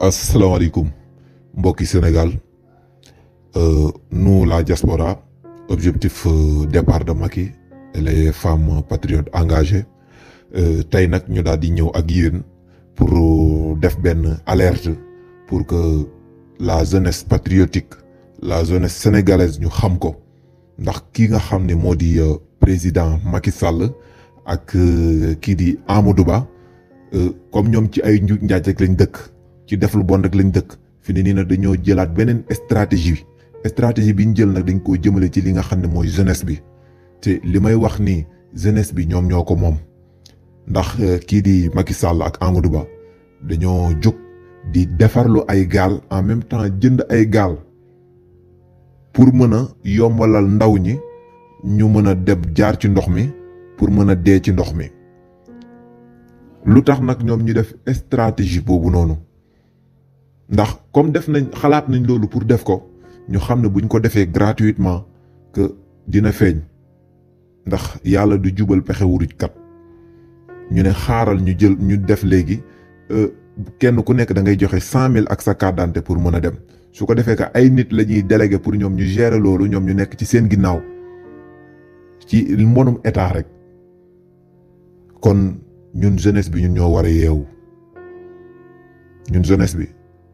alaikum, Mboki Sénégal euh, nous la diaspora objectif euh, départ de Maki, les femmes patriotes engagées euh, tey nous ñu à pour def alerte pour que la jeunesse patriotique la jeunesse sénégalaise nous xam ko ndax ki nga xam ne président Macky Sall ak comme nous ci def lu bon rek lañu dëkk fi ne nii na dañoo jëlaat beneen stratégie bi stratégie bi ñu jël nag dañ koo jëmale ci li nga xam ne mooy jeunesse bi te li may wax nii jeunesse bi ñoom ñoo ko moom ndax euh, kii di Macky Sall ak Amadou Ba dañoo jóg di defarlu ay gaal en même temps jënd ay gaal pour mën a yombalal ndaw ñi ñu mën a dem jaar ci ndox mi pour mën a dee ci ndox mi lu tax nag ñoom ñu def stratégie boobu noonu ndax comme def nañ xalaat nañ loolu pour def ko ñu xam ne buñ ko defee gratuitement que dina feeñ ndax yàlla du jubal pexe wuruj kat ñu ne xaaral ñu jël ñu def léegi euh, kenn ku nekk da ngay joxe cent mille ak sa carte pour mën a dem su ko defee que ay nit la ñuy délégué pour ñoom ñu gérer loolu ñoom ñu nekk ci seen ginnaaw ci mbonum état rek kon ñun jeunesse bi ñun ñoo war a yeewu ñun jeunesse bi.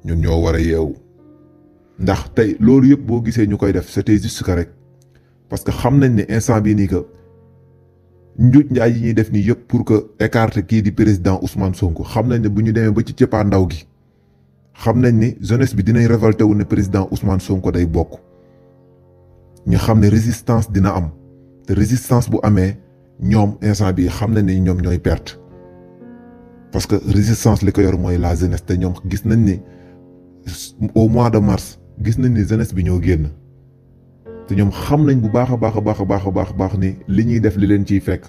ñun ñoo war a yeewu ndax tey loolu yëpp boo gisee ñu koy def c'était juste que rek parce que xam nañ ne instant bii nii que njuuj njaay yi ñuy def nii yëpp pour que écarter kii di président Ousmane Sonko xam nañ ne bu ñu demee ba ci cëppaa ndaw gi xam nañ ni jeunesse bi dinañ révolté wu ne président Ousmane Sonko day bokk ñu xam ne résistance dina am te résistance bu amee ñoom instant bii xam nañ ni ñoom ñooy perte parce que résistance li ko yor mooy la jeunesse te ñoom gis nañ ni. au mois de mars gis nañ ni jeunesse bi ñoo génn te ñoom xam nañ bu baax a baax a baax a baax a baax ni li ñuy def li leen ciy fekk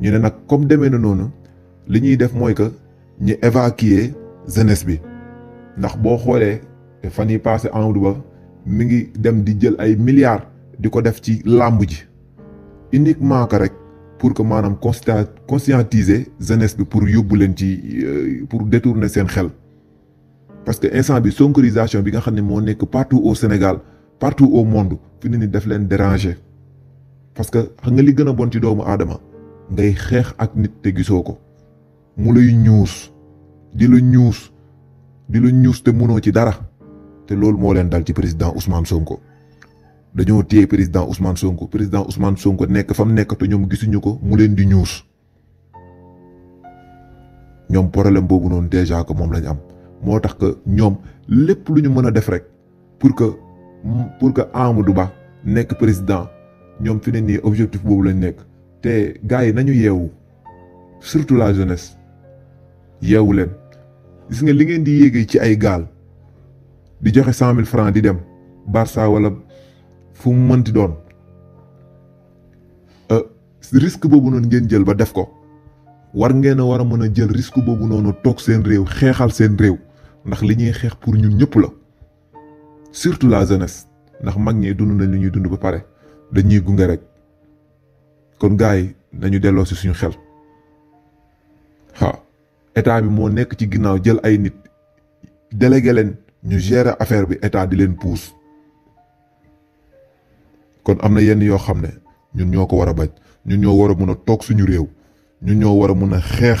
ñu ne nag comme demee na noonu li ñuy def mooy que ñu évacuer jeunesse bi ndax boo xoolee te fan yi passé Amadou Ba mi ngi dem di jël ay milliards di ko def ci làmb ji uniquement que rek pour que maanaam conscientiser jeunesse bi pour yóbbu leen ci euh, pour détourner seen xel. parce que instant bi sonkorisation bi nga xam ne moo nekk partout au senegal partout au monde fi ne ni def leen déranger parce que xam nga li gën a bon ci doomu aadama ngay xeex ak nit te gisoo ko mu lay ñuus di la ñuus di la ñuus te munoo ci dara te loolu moo leen dal ci président Ousmane Sonko dañoo téye président Ousmane Sonko président Ousmane Sonko nekk fa mu nekk te ñoom gisuñu ko mu leen di ñuus ñoom problème boobu noonu déjà que moom lañ am. motax ke ñom lepp luñu mëna def rek pour que pour que Amadou Ba nek président ñom fi ne objectif bobu lañ nek te gaay nañu yeewu surtout la jeunesse yeewu leen gis nga li ngeen di yéegee ci ay gal di joxe 100000 francs di dem Barça wala fu mu mënti doon euh, risque bobu non ngeen jël ba def ko war ngeen wara mëna jël risque bobu nonu tok seen réew xéxal seen réew ndax li ñuy xeex pour ñun ñëpp la surtout la senes ndax mag ñi dund nañ ñuy dund ba pare dañuy gunge rek kon gars yi nañu delloo si suñu xel waaw état bi moo nekk ci ginnaaw jël ay nit délégué leen ñu gérer affaire bi état di leen pousse kon am na yenn yoo xam ne ñun ñoo ko war a bañ ñun ñoo war a mun a toog suñu réew ñun ñoo war a mun a xeex.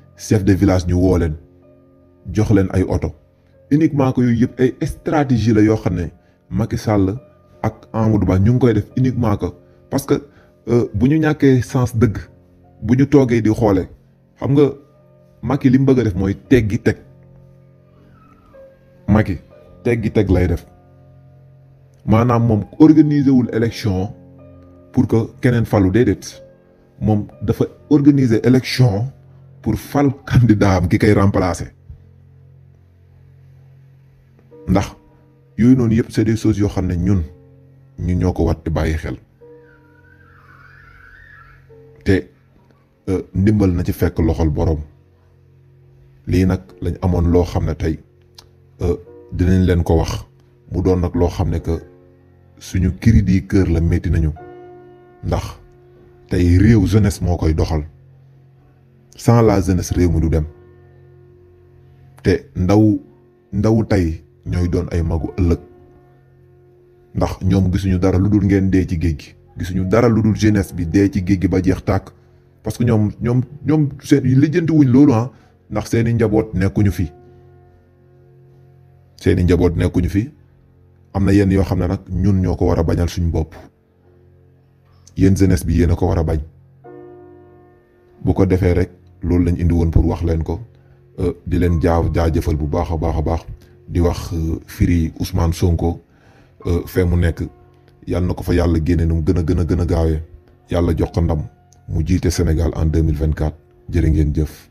chef de village ñu woo leen jox leen ay oto uniquement ko yooyu yëpp ay stratégie la yoo xam ne Macky Sall ak Amadou Ba ñu ngi koy def uniquement ko parce que euh, bu ñu ñàkkee sens dëgg bu ñu toogee di xoolee xam nga Macky li mu bëgg a def mooy teggi teg Macky teggi teg lay def maanaam moom organiser wul élection pour que keneen falu déedéet moom dafa organiser élection. pour fal candidat am ki koy remplacer ndax yooyu noonu yëpp c'est des choses yoo xam ne ñun ñu ñoo ko watti bàyyi xel te euh, ndimbal na ci fekk loxol boroom lii nag lañ amoon loo xam ne tey euh, dinañ leen ko wax mu doon nag loo xam ne que suñu cri du cœur la metti nañu ndax tey réew jeunesse moo koy doxal sans la jeunesse réew mi du dem te ndaw ndawu tey ñooy doon ay magu ëllëg ndax ñoom gisuñu dara lu dul ngeen dee ci géej gi gisuñu dara lu dul jeunesse bi dee ci géej gi ba jeex tàkk parce que ñoom ñoom ñoom seen lijjanti wuñ loolu ah ndax seeni njaboot nekkuñu fi seeni njaboot nekkuñu fi am na yenn yoo xam ne nag ñun ñoo ko war a bañal suñu bopp yéen jeunesse bi yéen a ko war a bañ bu ko defee rek. loolu lañ indi woon pour wax leen ko euh, di leen jaa jaajëfal bu baax a baax a baax di wax euh, firi Ousmane Sonko euh, fee mu nekk yàlla na ko fa yàlla génne nu mu gën a gën a gën a gaawee yàlla jox ko ndam mu jiite Sénégal en deux mille vingt quatre jërë ngeen jëf.